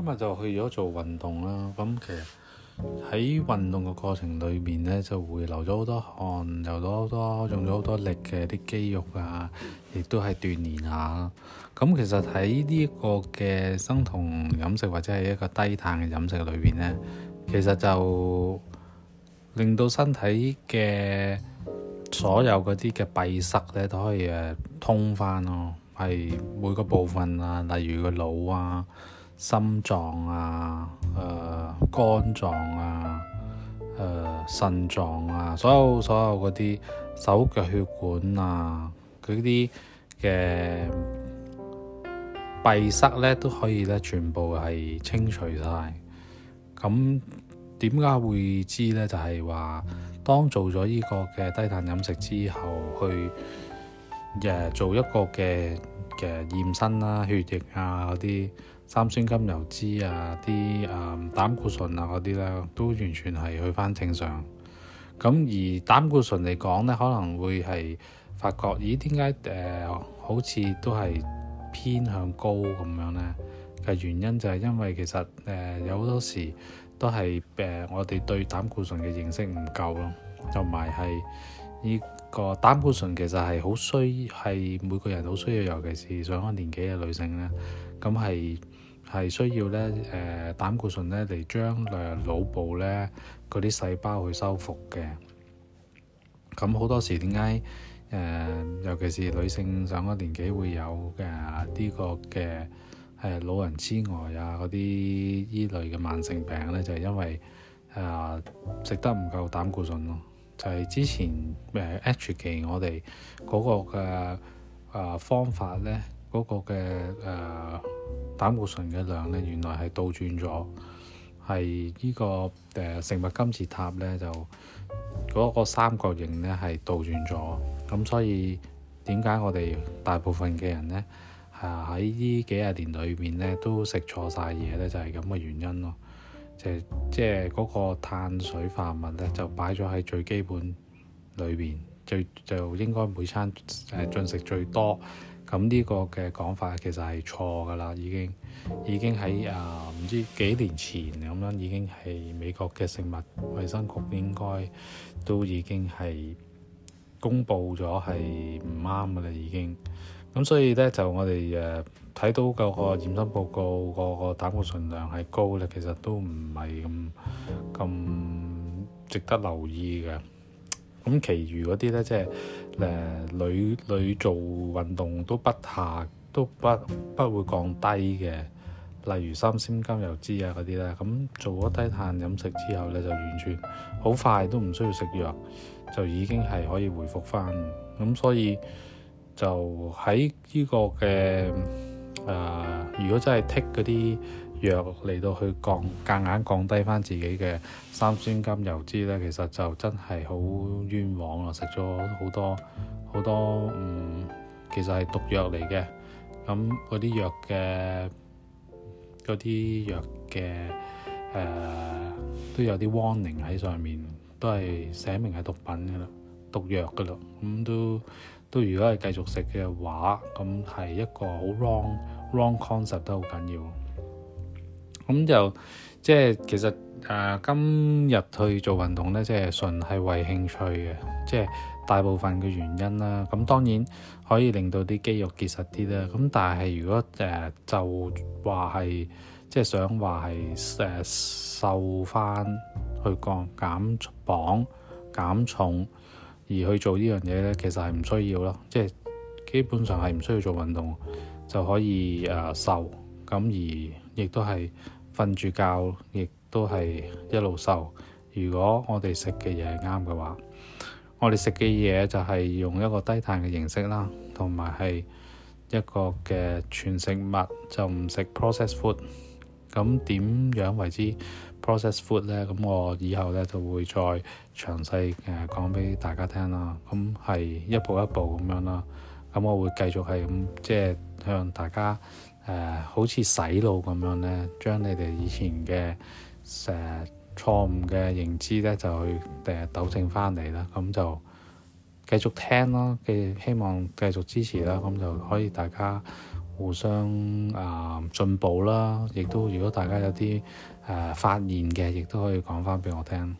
今日就去咗做運動啦。咁其實喺運動嘅過程裏面咧，就會流咗好多汗，流咗好多，用咗好多力嘅啲肌肉啊，亦都係鍛煉下。咁其實喺呢個嘅生酮飲食或者係一個低碳嘅飲食裏邊咧，其實就令到身體嘅所有嗰啲嘅閉塞咧都可以誒、呃、通翻咯，係每個部分啊，例如個腦啊。心臟啊、呃、肝臟啊、誒、呃、腎臟啊，所有所有嗰啲手腳血管啊，佢啲嘅閉塞咧都可以咧全部係清除晒。咁點解會知咧？就係、是、話當做咗呢個嘅低碳飲食之後，去誒做一個嘅。嘅驗身啦、血液啊嗰啲三酸甘油脂啊、啲、嗯、誒膽固醇啊嗰啲咧，都完全係去翻正常。咁而膽固醇嚟講呢，可能會係發覺，咦？點解誒好似都係偏向高咁樣呢？嘅原因就係因為其實誒有好多時都係誒、呃、我哋對膽固醇嘅認識唔夠咯，同埋係。呢、這個膽固醇其實係好需，係每個人好需要，尤其是上咗年紀嘅女性咧，咁係係需要咧，誒、呃、膽固醇咧嚟將誒腦部咧嗰啲細胞去修復嘅。咁好多時點解誒，尤其是女性上咗年紀會有嘅呢、這個嘅誒、呃、老人痴呆呀嗰啲呢類嘅慢性病咧，就係、是、因為誒食、呃、得唔夠膽固醇咯。就係之前誒 H 期我哋嗰個嘅誒方法咧，嗰、嗰個嘅誒膽固醇嘅量咧，原來係倒轉咗，係呢、呢個誒、呃、食物金字塔咧，就嗰個三角形咧係倒轉咗。咁所以點解我哋大部分嘅人咧，誒喺呢幾廿年裏邊咧都食錯晒嘢咧，就係咁嘅原因咯。即係嗰個碳水化合物咧，就擺咗喺最基本裏邊，最就，就應該每餐誒進食最多。咁呢個嘅講法其實係錯㗎啦，已經已經喺啊唔知幾年前咁樣，已經係美國嘅食物衞生局應該都已經係公布咗係唔啱㗎啦，已經。咁所以呢，就我哋誒。啊睇到個個驗身報告，個個膽固醇量係高咧，其實都唔係咁咁值得留意嘅。咁，其餘嗰啲咧，即係誒、呃，女女做運動都不下，都不不會降低嘅。例如三酸甘油脂啊嗰啲咧，咁做咗低碳飲食之後咧，就完全好快都唔需要食藥，就已經係可以回復翻。咁所以就喺呢個嘅。如果真係剔嗰啲藥嚟到去降夾硬，硬降低翻自己嘅三酸甘油脂咧，其實就真係好冤枉啊！食咗好多好多嗯，其實係毒藥嚟嘅。咁嗰啲藥嘅嗰啲藥嘅誒，都有啲 warning 喺上面，都係寫明係毒品㗎啦，毒藥㗎啦。咁都都如果係繼續食嘅話，咁係一個好 wrong。Wrong concept 都好緊要咯。咁就即係其實誒、呃，今日去做運動咧，即係純係為興趣嘅，即係大部分嘅原因啦。咁、啊、當然可以令到啲肌肉結實啲啦。咁但係如果誒、呃、就話係即係想話係誒瘦翻去降減磅減重而去做呢樣嘢咧，其實係唔需要咯。即係基本上係唔需要做運動。就可以誒瘦，咁、呃、而亦都係瞓住覺，亦都係一路瘦。如果我哋食嘅嘢係啱嘅話，我哋食嘅嘢就係用一個低碳嘅形式啦，同埋係一個嘅全食物，就唔食 processed food。咁點樣為之 processed food 呢？咁我以後呢就會再詳細誒講俾大家聽啦。咁係一步一步咁樣啦。咁我會繼續係咁，即係向大家誒、呃，好似洗腦咁樣咧，將你哋以前嘅誒錯誤嘅認知咧，就去誒糾、呃、正翻嚟啦。咁就繼續聽咯，嘅希望繼續支持啦。咁就可以大家互相啊進、呃、步啦。亦都如果大家有啲誒、呃、發現嘅，亦都可以講翻俾我聽。